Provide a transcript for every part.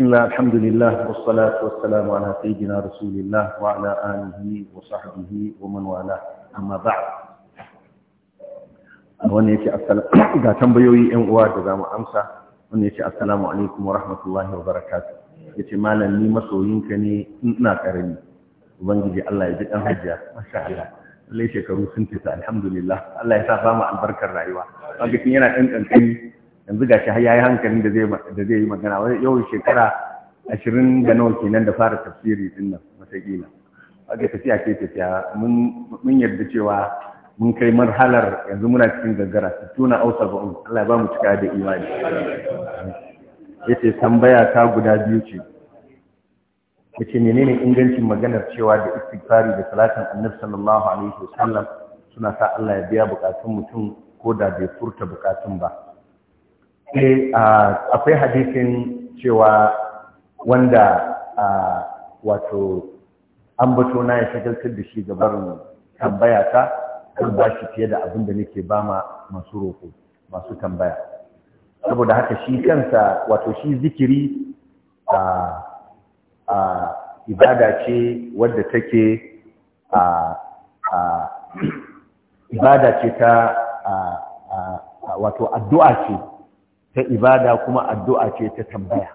بسم الله الحمد لله والصلاة والسلام على سيدنا رسول الله وعلى آله وصحبه ومن والاه أما بعد wanda yake ga tambayoyi yan uwa da zamu amsa wanda yake assalamu alaikum wa rahmatullahi wa barakatuh yace malam ni masoyinka ne ina karami ubangiji Allah ya ji dan hajjia masha Allah lai shekaru sun tafi alhamdulillah Allah ya sa ba mu albarkar rayuwa kaga yana dan kankani yanzu ga shi ya yi hankalin da zai yi magana wani yau shekara ashirin da nawa kenan da fara tafsiri din nan wataƙila aka tafiya ke tafiya mun yarda cewa mun kai marhalar yanzu muna cikin gaggara su tuna ausa ba Allah ba mu cika da imani yace tambaya ta guda biyu ce yace menene ingancin maganar cewa da istighfari da salatin annabi sallallahu alaihi wasallam suna sa Allah ya biya bukatun mutum ko da bai furta bukatun ba Eh, akwai hadisin cewa wanda wato an bato na ya shagaltar da shi gabar tambaya ta kan ba shi fiye da abin da nake ba ma masu roƙo masu tambaya saboda haka shi kansa wato shi zikiri a ibada ce wadda take a ibada ce ta wato addu'a ce ta ibada kuma addu'a ce ta tambaya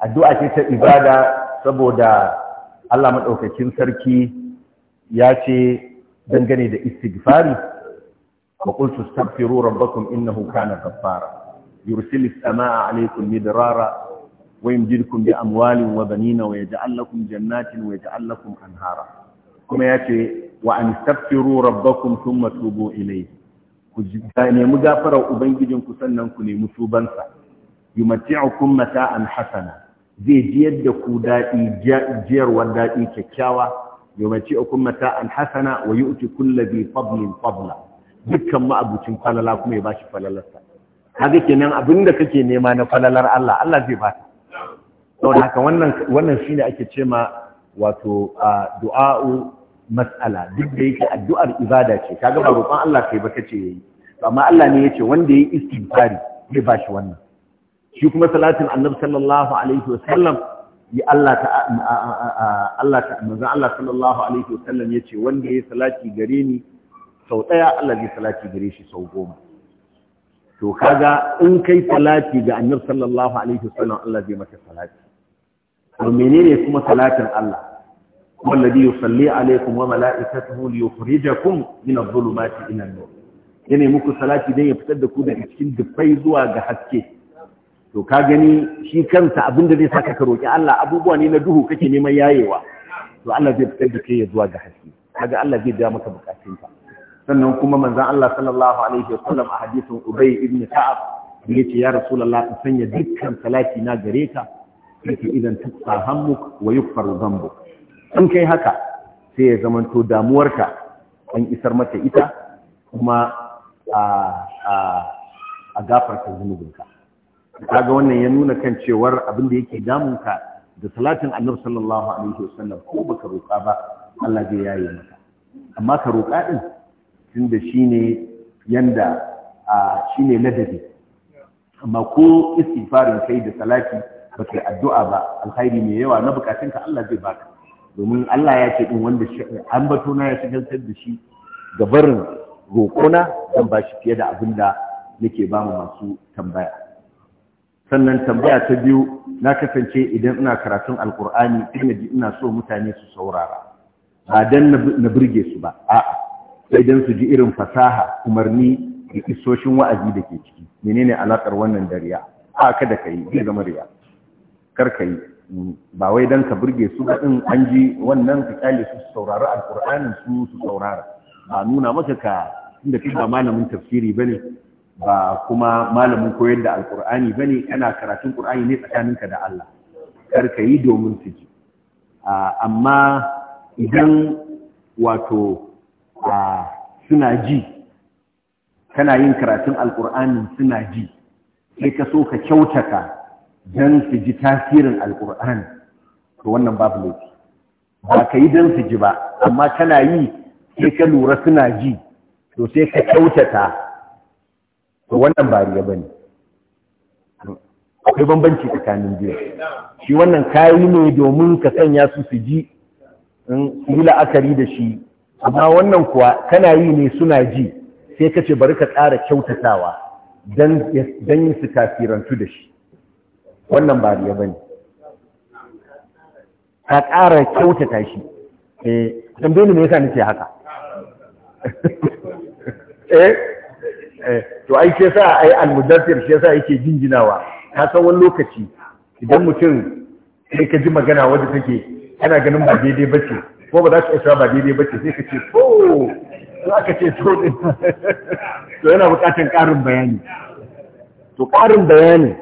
addu'a ce ta ibada saboda Allah maɗaukakin sarki ya ce dangane da istighfari wa qultu astaghfiru rabbakum innahu kana ghaffara yursilu as-samaa'a 'alaykum midrara wa yumdidukum bi amwalin wa banina wa yaj'al lakum jannatin wa yaj'al lakum anhara kuma ya ce wa an astaghfiru rabbakum thumma tubu ku nemi gafarar ku sannan ku nemi tubansa yumati'ukum mata'an hasana zai jiyar da ku daɗi jiyarwar daɗi kyakkyawa yumati'ukum mata'an hasana wa yu'ti kulli bi fadlin fadla dukkan ma'abucin falala kuma ya bashi falalarsa kaga kenan abinda kake nema na falalar Allah Allah zai baka saboda haka wannan wannan shine ake ce ma wato du'a'u matsala duk da yake addu'ar ibada ce kaga ba roƙon Allah kai ba kace yayi amma Allah ne yace wanda yayi istighfari zai ba shi wannan shi kuma salatin annabi sallallahu alaihi wa sallam yi Allah ta Allah ta manzo Allah sallallahu alaihi wa wasallam yace wanda yayi salati gare ni sau daya Allah zai salati gare shi sau goma to kaga in kai salati ga annabi sallallahu alaihi wa sallam Allah zai maka salati to menene kuma salatin Allah wallabi yusalli alaikum wa mala'ikatuhu liyukhrijakum min adh-dhulumati ila muku salati dan ya fitar da ku daga cikin dubbai zuwa ga haske to ka gani shi kansa abinda zai saka ka roki Allah abubuwa ne na duhu kake neman yayewa to Allah zai fitar da kai zuwa ga haske kaga Allah zai biya maka ka. sannan kuma manzon Allah sallallahu alaihi wasallam a hadisin Ubay ibn Ka'ab yace ya Rasulullah ka sanya dukkan salati na gare ka yake idan tafsa hammuk wa yukfar dhanbuk in kai haka sai ya zamanto damuwarka an isar mata ita kuma a gafarta zunubinka kaga wannan ya nuna kan cewar abin da yake damunka da salatin annabi sallallahu alaihi wasallam ko baka roƙa ba Allah zai yaye maka amma ka roƙa din tunda shine yanda shine ladabi amma ko istighfarin kai da salati baka addu'a ba alkhairi mai yawa na bukatunka Allah zai baka domin Allah ya ce din wanda an bato na ya shigaltar da shi ga barin roƙona zan ba shi fiye da abin da nake ba mu masu tambaya sannan tambaya ta biyu na kasance idan ina karatun alkur'ani ina ji ina so mutane su saurara ba dan na burge su ba a'a sai dan su ji irin fasaha umarni da isoshin wa'azi da ke ciki menene alakar wannan dariya a kada kai zai zama riya kar ka yi ba wai dan ka burge su ba din an ji wannan ka kyale su saurari alqur'anin su su saurara ba nuna maka ka inda kai ba malamin tafsiri bane ba kuma malamin koyar da alqur'ani bane kana karatun ƙur'ani ne tsakaninka da Allah kar ka yi domin su ji amma idan wato suna ji kana yin karatun alkur'ani suna ji sai ka so ka kyautata don su ji tasirin Alƙur'an, to wannan babu laifi ba ka yi don su ji ba amma kana yi sai ka lura suna ji to sai ka kyautata to wannan ba riya bane akwai bambanci tsakanin biyu shi wannan kayi ne domin ka sanya su su ji su yi la'akari da shi amma wannan kuwa kana yi ne suna ji sai ka ce bari ka ƙara kyautatawa don su tasirantu da shi wannan ba riya bane ka ƙara kyautata shi eh tambaye ni me yasa ce haka eh eh to ai sai sa ai almudaththir sai sa yake jinjinawa ka san wani lokaci idan mutum sai ka ji magana wanda take kana ganin ba daidai bace ko ba za ka isa ba daidai bace sai ka ce ko za ka ce to to yana bukatan ƙarin bayani to ƙarin bayani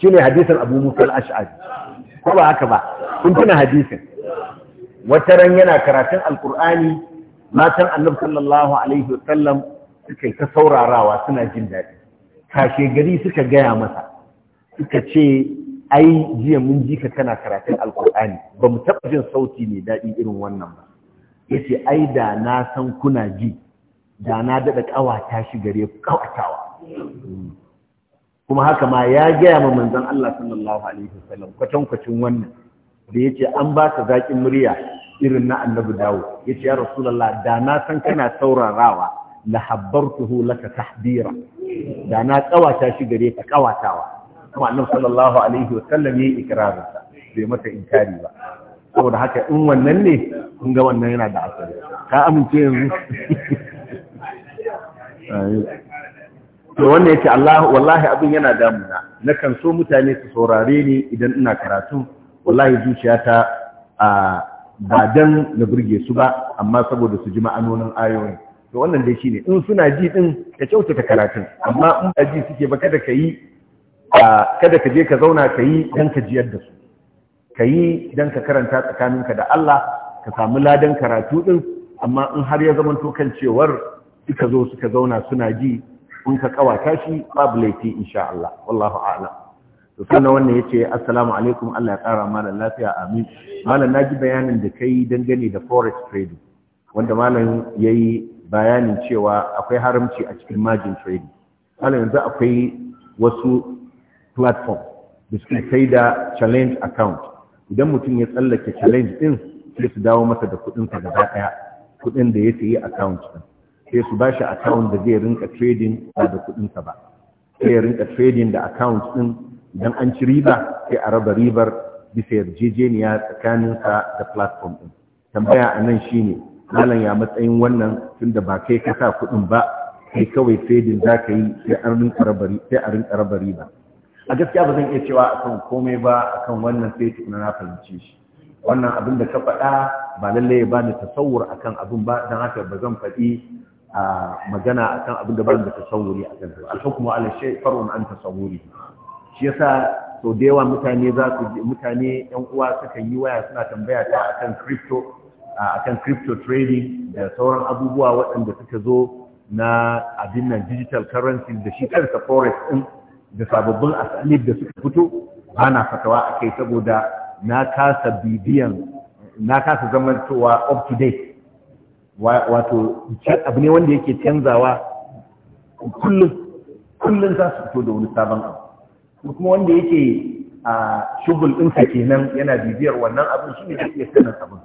shi ne hadisin abu musa al-ash'ari ko ba haka ba kun tuna hadisin wata ran yana karatun alkur'ani matan annabi sallallahu alaihi wasallam suka ta saurarawa suna jin daɗi kashe gari suka gaya masa suka ce ai jiya mun ji ka kana karatun alkur'ani ba mu taɓa jin sauti mai daɗi irin wannan ba ya ce ai da na san kuna ji da na daɗa ƙawata shi gare ku ƙawatawa kuma haka ma ya gaya ma manzon Allah sallallahu alaihi wasallam kwatankwacin wannan da yace an ba ka zakin murya irin na annabi dawo yace ya rasulullah da na san kana saurarawa la habbartuhu laka tahbira da na kawata shi gare ka kawatawa kuma annabi sallallahu alaihi wasallam yayi ikrarin sa bai mata inkari ba saboda haka in wannan ne kun ga wannan yana da asali ka amince yanzu to wannan yake Allah wallahi abin yana damuna nakan so mutane su saurare ni idan ina karatu wallahi zuciyata a ba dan na burge su ba amma saboda su ji ma'anonin ayoyi to wannan dai shine in suna ji din ka kyautata karatu. amma in ba ji suke ba kada ka kada ka je ka zauna ka yi dan ka jiyar da su ka yi dan ka karanta tsakaninka da Allah ka samu ladan karatu din amma in har ya zamanto kan cewar suka zo suka zauna suna ji in ka kawata shi babu laifi insha Allah wallahu a'lam to sannan wannan yace assalamu alaikum Allah ya kara malam lafiya amin malam naji bayanin da kai dangane da forex trading wanda malam yayi bayanin cewa akwai haramci a cikin margin trading malam yanzu akwai wasu platform da suke kai da challenge account idan mutum ya tsallake challenge din sai su dawo masa da kuɗinsa gaba ɗaya kuɗin da ya sayi account din sai su ba shi account da zai rinka trading ba da kuɗinsa ba sai ya rinka trading da account ɗin dan an ci riba sai a raba ribar bisa yarjejeniya tsakaninsa da platform ɗin tambaya anan nan shine malam ya matsayin wannan tunda ba kai ka sa kuɗin ba kai kawai trading za ka yi sai a rinka raba riba a gaskiya ba zan iya cewa akan komai ba akan wannan sai tukuna na fahimci shi wannan abin da ka faɗa ba lallai ya bani tasawur akan abin ba don haka ba zan faɗi magana akan abin da barin da tasawuri akan sa al-hukmu ala shay farun an tasawuri shi yasa so da yawa mutane za su mutane yan uwa suka yi waya suna tambaya ta akan crypto akan crypto trading da sauran abubuwa waɗanda suka zo na abin nan digital currency da shi kansa forex din da sababbin asali da suka fito ba na fatawa ke saboda na kasa bibiyan na kasa zamantowa up to date wato abu ne wanda yake canzawa kullum kullum za su fito da wani sabon abu kuma wanda yake a shugul ɗinsa kenan yana bibiyar wannan abin shi ne yake sanin abin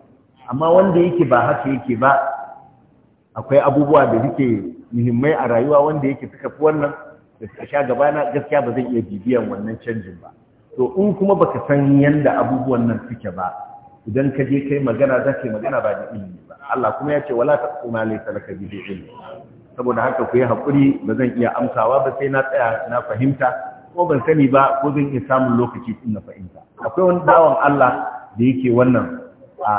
amma wanda yake ba haka yake ba akwai abubuwa da suke muhimmai a rayuwa wanda yake suka fi wannan da suka sha gaba na gaskiya ba zai iya bibiyar wannan canjin ba to in kuma baka san yanda abubuwan nan suke ba idan ka je kai magana za ka yi magana ba da ilimi ba Allah kuma ya ce wala taqu ma laysa laka bi ilmi saboda haka ku yi hakuri ba zan iya amsawa ba sai na tsaya na fahimta ko ban sani ba ko zan iya samun lokaci din na fahimta akwai wani bawan Allah da yake wannan a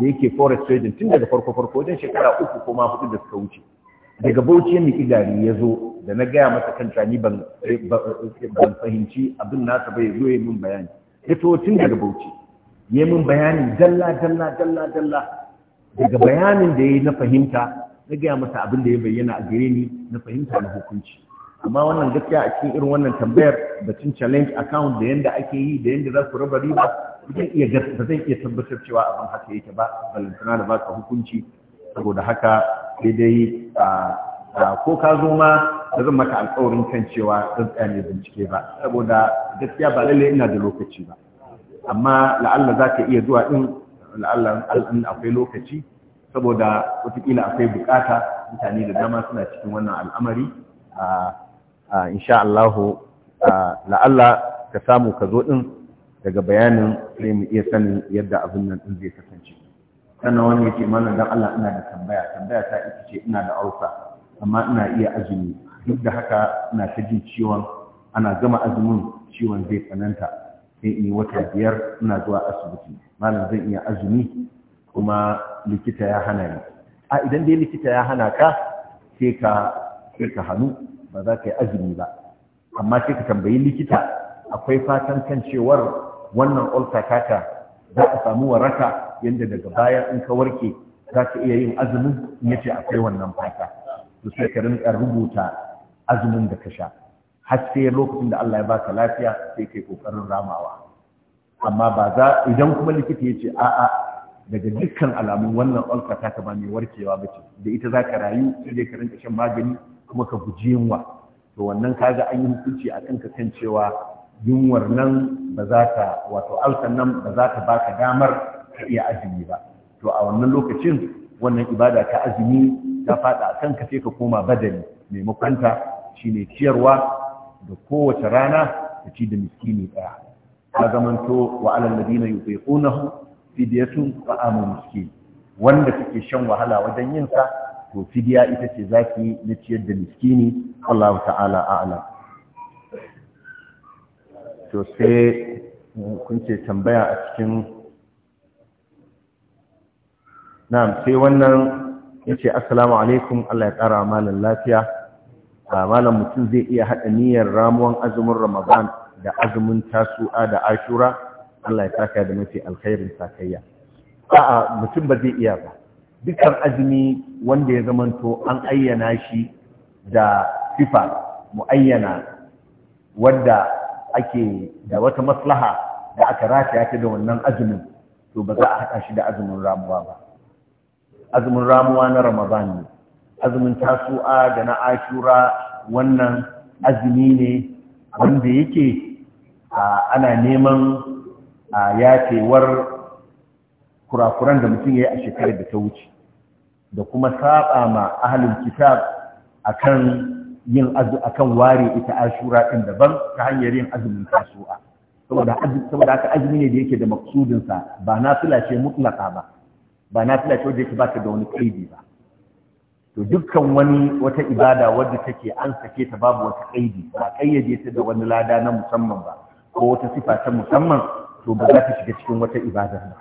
da yake forest trading tun daga farko farko wajen shekara uku ko ma hudu da suka wuce daga bauchi ya miki gari ya zo da na gaya masa kanta ni ban fahimci abin nasa bai zo ya min bayani ya tun daga bauchi ya min bayanin dalla dalla dalla dalla daga bayanin da ya yi na fahimta na gaya masa abin da ya bayyana a gare ni na fahimta na hukunci amma wannan gaskiya a cikin irin wannan tambayar batun challenge account da yanda ake yi da yanda za ku raba riba zan iya ba zan iya tabbatar cewa abin haka yake ba balantana da baka hukunci saboda haka sai dai ko ka zo ma da zan maka alkawarin kan cewa zan tsaya ne bincike ba saboda gaskiya ba lallai ina da lokaci ba amma la'alla za ka iya zuwa ɗin la'alla akwai lokaci saboda watakila akwai bukata mutane da dama suna cikin wannan al'amari insha Allahu la'alla ka samu ka zo ɗin daga bayanin sai mu iya sanin yadda abin nan ɗin zai kasance sannan wani yake mana don Allah ina da tambaya tambaya ta ita ce ina da ausa amma ina iya azumi duk da haka ina ta jin ciwon ana gama azumin ciwon zai tsananta sai in yi wata biyar ina zuwa asibiti malam zan iya azumi kuma likita ya hana ni a idan dai likita ya hana ka sai ka sai ka hannu ba za ka yi azumi ba amma sai ka tambayi likita akwai fatan kan cewar wannan ulta kaka za ka samu waraka yadda daga baya in ka warke za ka iya yin azumin in yace akwai wannan fata to sai ka rinka rubuta azumin da ka sha har sai lokacin da Allah ya baka lafiya sai kai kokarin ramawa amma ba za idan kuma likita ya ce a'a daga dukkan alamun wannan ulcer ta ka bani warkewa ba ce da ita za ka rayu sai dai ka rinka shan magani kuma ka guji yunwa to wannan kaga an yi hukunci a ka kan cewa yunwar nan ba za ta wato ulcer nan ba za ta baka damar ka iya azumi ba to a wannan lokacin wannan ibada ta azumi ta fada a ka sai ka koma badali maimakon ta shine ciyarwa da kowace rana ta ci da miskini ɗaya ta zamanto wa alal ladina yutiqunahu fidyatun ta'amu miskin wanda kake shan wahala wajen yin sa to fidiya ita ce zaki na ciyar da miskini Allah ta'ala a'lam to sai kun ce tambaya a cikin na'am sai wannan yace assalamu alaikum Allah ya kara malan lafiya malam mutum zai iya haɗa niyyar ramuwan azumin ramadan da azumin tasu'a da ashura Allah ya saka da mafi alkhairin sakayya a'a mutum ba zai iya ba dukkan azumi wanda ya zamanto an ayyana shi da sifa muayyana wanda ake da wata maslaha da aka rataya ta da wannan azumin to ba za a haɗa shi da azumin ramuwa ba azumin ramuwa na ramadan ne azumin tasu'a da na ashura wannan azumi ne wanda yake ana neman yafewar kurakuran da mutum ya yi a shekarar da ta wuce da kuma saba ma ahalin kitab akan yin akan ware ita ashura ɗin daban ta hanyar yin azumin tasu'a saboda saboda haka azumi ne da yake da maksudinsa ba nafila ce mutlaka ba ba na ce wanda yake ta da wani kaidi ba to dukkan wani wata ibada wadda take an sake ta babu wata kaidi ba kayyade ta da wani lada na musamman ba ko wata sifa ta musamman to ba za ta shiga cikin wata ibadar ba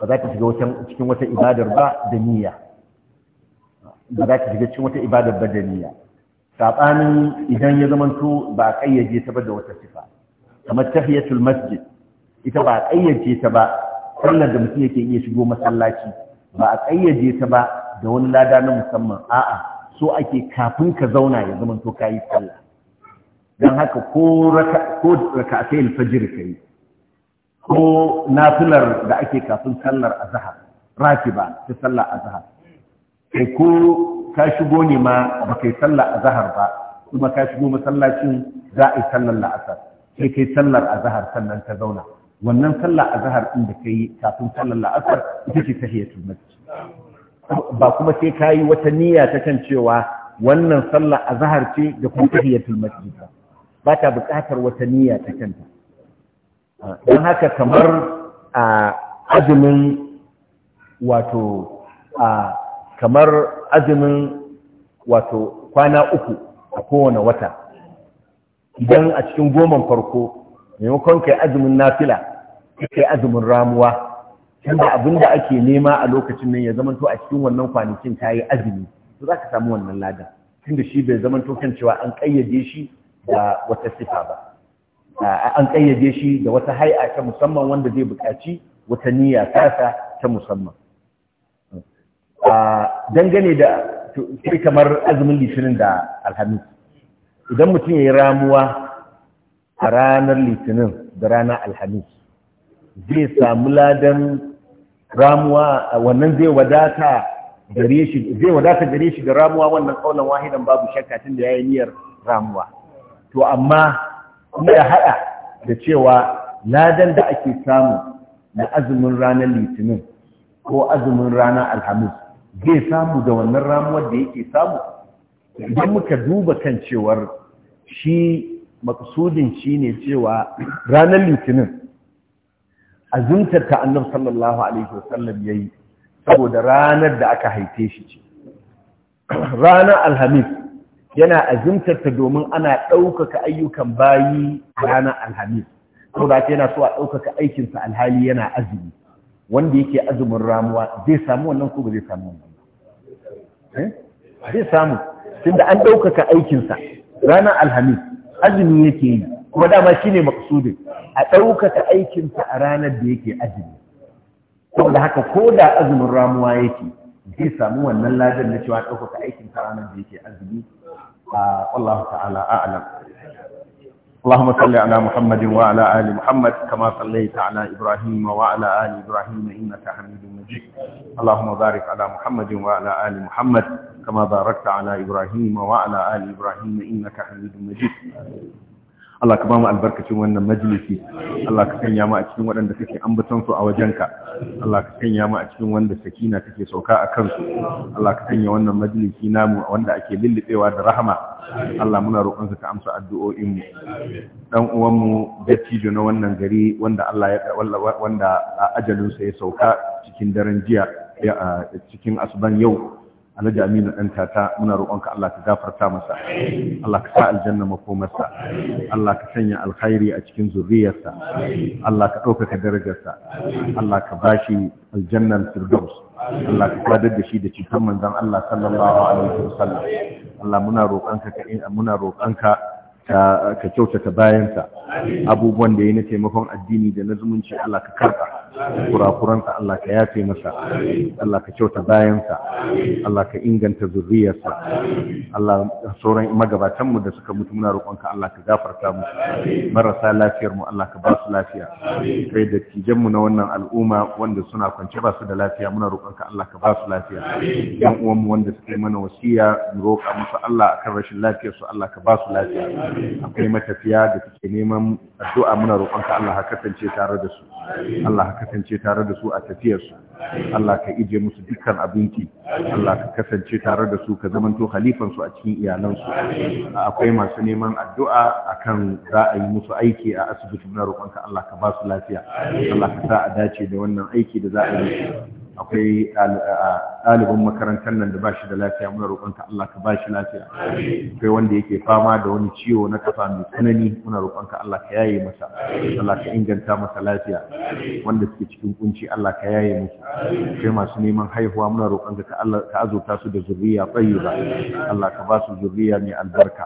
ba za ta shiga cikin wata ibadar ba da niyya ba za ta shiga cikin wata ibadar ba da niyya sabanin idan ya to ba kayyade ta ba da wata sifa kamar tahiyatul masjid ita ba a ta ba sallar da mutum yake iya shigo masallaci ba a kayyade ta ba da wani lada na musamman a'a so ake kafin ka zauna ya zama to kayi sallah dan haka ko raka ko raka'atay al-fajr kai ko nafilar da ake kafin sallar azhar rakiba ta sallar azhar kai ko ka shigo ne ma ba kai sallar azhar ba kuma ka shigo masallacin za a yi sallar la'asar sai kai sallar azhar sannan ka zauna wannan sallar azhar din da kai kafin sallar la'asar ita ce tahiyatul masjid ba kuma sai ka yi wata niyya ta kan cewa wannan sallah a zahar ce da kuma tahiyatul masjid ba ta buƙatar wata niyya ta kanta don haka kamar a azumin wato a kamar azumin wato kwana uku a kowane wata idan a cikin goman farko maimakon kai azumin nafila kai azumin ramuwa tunda abin da ake nema a lokacin nan ya zamanto a cikin wannan kwanakin ta yi azumi to za ka samu wannan lada tunda shi bai zamanto kan cewa an ƙayyade shi da wata sifa ba an ƙayyade shi da wata hai'a ta musamman wanda zai buƙaci wata niyya tasa ta musamman dangane da sai kamar azumin litinin da alhamis idan mutum ya yi ramuwa a ranar litinin da ranar alhamis zai samu ladan ramuwa wannan zai wadata gare shi zai wadata gare shi da ramuwa wannan kaulan wahidan babu shakka tun da yayi niyyar ramuwa to amma kuma ya hada da cewa ladan da ake samu na azumin ranar litinin ko azumin ranar alhamis zai samu da wannan ramuwar da yake samu idan muka duba kan cewar shi maksudin shi ne cewa ranar litinin azuntar ta annabi sallallahu alaihi wasallam yayi saboda ranar da aka haife shi ce ranar alhamis yana azuntar ta domin ana ɗaukaka ayyukan bayi ranar alhamis saboda yana so a ɗaukaka aikinsa alhali yana azumi wanda yake azumin ramuwa zai samu wannan ko ba zai samu wannan eh? zai samu tunda an ɗaukaka aikinsa ranar alhamis azumi yake yi kuma dama shine maksudin a ɗaukaka aikinsa a ranar da yake azumi saboda haka ko da azumin ramuwa yake zai samu wannan ladan na cewa ɗaukaka aikinsa ranar da yake azumi a Allah ta'ala a'lam اللهم صل على محمد وعلى آل محمد كما صليت على إبراهيم وعلى آل إبراهيم إنك حميد مجيد اللهم بارك على محمد وعلى آل محمد كما باركت على إبراهيم وعلى آل إبراهيم إنك حميد مجيد Allah ka ba mu albarkacin wannan majalisi Allah ka sanya mu a cikin waɗanda kake ambaton su a wajenka Allah ka sanya mu a cikin wanda sakina take sauka a kansu Allah ka sanya wannan majalisi namu wanda ake lullubewa da rahama Allah muna roƙon ka amsa addu'o'in mu dan uwan mu dattijo na wannan gari wanda Allah ya wanda ajalinsa ya sauka cikin daren jiya cikin asuban yau alhaji aminu ɗan tata muna roƙonka Allah ka gafarta masa Allah ka sa aljanna makomarsa Allah ka sanya alkhairi a cikin zuriyarsa Allah ka ɗaukaka darajarsa Allah ka bashi aljannan firdaus Allah ka sadar da shi da cikin manzon Allah sallallahu alaihi wasallam Allah muna roƙonka ka muna roƙonka ka kyautata bayansa abubuwan da ya na taimakon addini da na zumunci Allah ka karɓa kurakuranta Allah ka yafe masa Allah ka kyauta bayansa Allah ka inganta zurriyarsa Allah sauran magabatan mu da suka mutu muna roƙonka Allah ka gafarta mu marasa lafiyar mu Allah ka ba su lafiya kai da tijan mu na wannan al'umma wanda suna kwance ba su da lafiya muna roƙonka Allah ka ba su lafiya yan uwan mu wanda suke mana wasiya mu roƙa musu Allah akan rashin lafiyar su Allah ka ba su lafiya akwai matafiya da suke neman addu'a muna roƙonka Allah ka kasance tare da su Allah kasance tare da su a tafiyarsu Allah ka ije musu dukkan abinci Allah ka kasance tare da su ka zamanto halifansu a cikin iyalansu akwai masu neman addu'a akan za a yi musu aiki a asibiti na roƙonka Allah ka ba su lafiya Allah ka sa a dace da wannan aiki da za a yi akwai ɗalibin makarantar nan da ba shi da lafiya muna roƙonka Allah ka ba shi lafiya akwai wanda yake fama da wani ciwo na kafa mai tsanani muna roƙonka Allah ka yaye masa Allah ka inganta masa lafiya wanda suke cikin kunci Allah ka yaye musu akwai masu neman haihuwa muna roƙonka ka Allah ka azurta su da zuriya tsayyiba Allah ka ba su zuriya mai albarka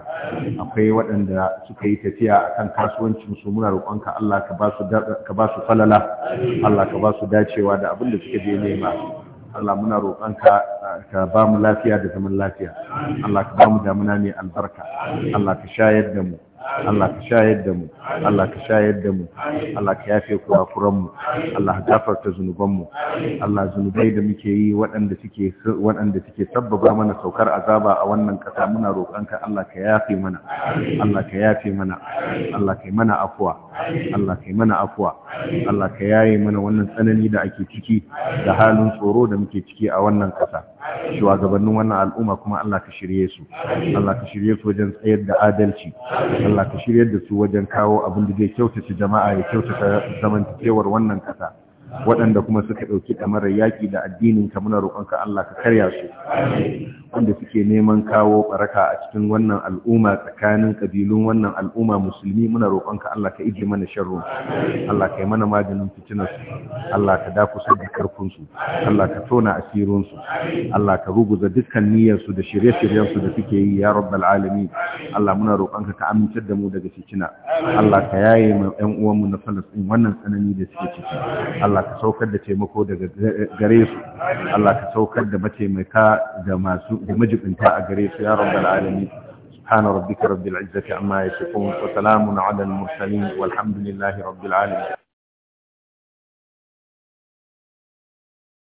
akwai waɗanda suka yi tafiya akan kasuwancin su muna roƙonka Allah ka ba su ka ba su falala Allah ka ba su dacewa da abin da suke je ne ba Allah muna roƙonka ka ba mu lafiya da zaman lafiya Allah ka ba mu damuna mai albarka Allah ka shayar da mu Allah ka shayar da mu Allah ka shayar da mu Allah ka yafe kurakuran mu Allah ka gafarta zunuban Allah zunubai da muke yi waɗanda suke waɗanda mana saukar azaba a wannan ƙasa muna roƙonka Allah ka yafe mana Allah ka yafe mana Allah ka yi mana afuwa Allah ka yi mana afuwa Allah ka yaye mana wannan tsanani da ake ciki da halin tsoro da muke ciki a wannan ƙasa shugabannin wannan al'umma kuma Allah ka shirye su Allah ka shirye su wajen tsayar da adalci Allah ka shirye da su wajen kawo abin da zai kyautata jama'a ya kyautata zamantakewar wannan kasa waɗanda kuma suka ɗauki ɗamarar yaƙi da addinin ka muna roƙonka Allah ka karya su wanda suke neman kawo ɓaraka a cikin wannan al'umma tsakanin ƙabilun wannan al'umma musulmi muna roƙonka Allah ka iji mana sharro Allah ka yi mana maganin fitinar su Allah ka kusa da karfin su Allah ka tona asirin su Allah ka ruguza dukkan niyyarsu da shirye shiryensu da suke yi ya rabbal alamin Allah muna roƙonka ka amince da mu daga fitina Allah ka yaye ma ƴan uwanmu na Falastin wannan tsanani da suke ciki Allah Allah ka saukar da taimako daga gare su Allah ka saukar da mataimaka da masu da majibinta a gare su ya rabbal alamin subhana rabbika rabbil izzati amma yasifun wa salamun ala al mursalin walhamdulillahi rabbil alamin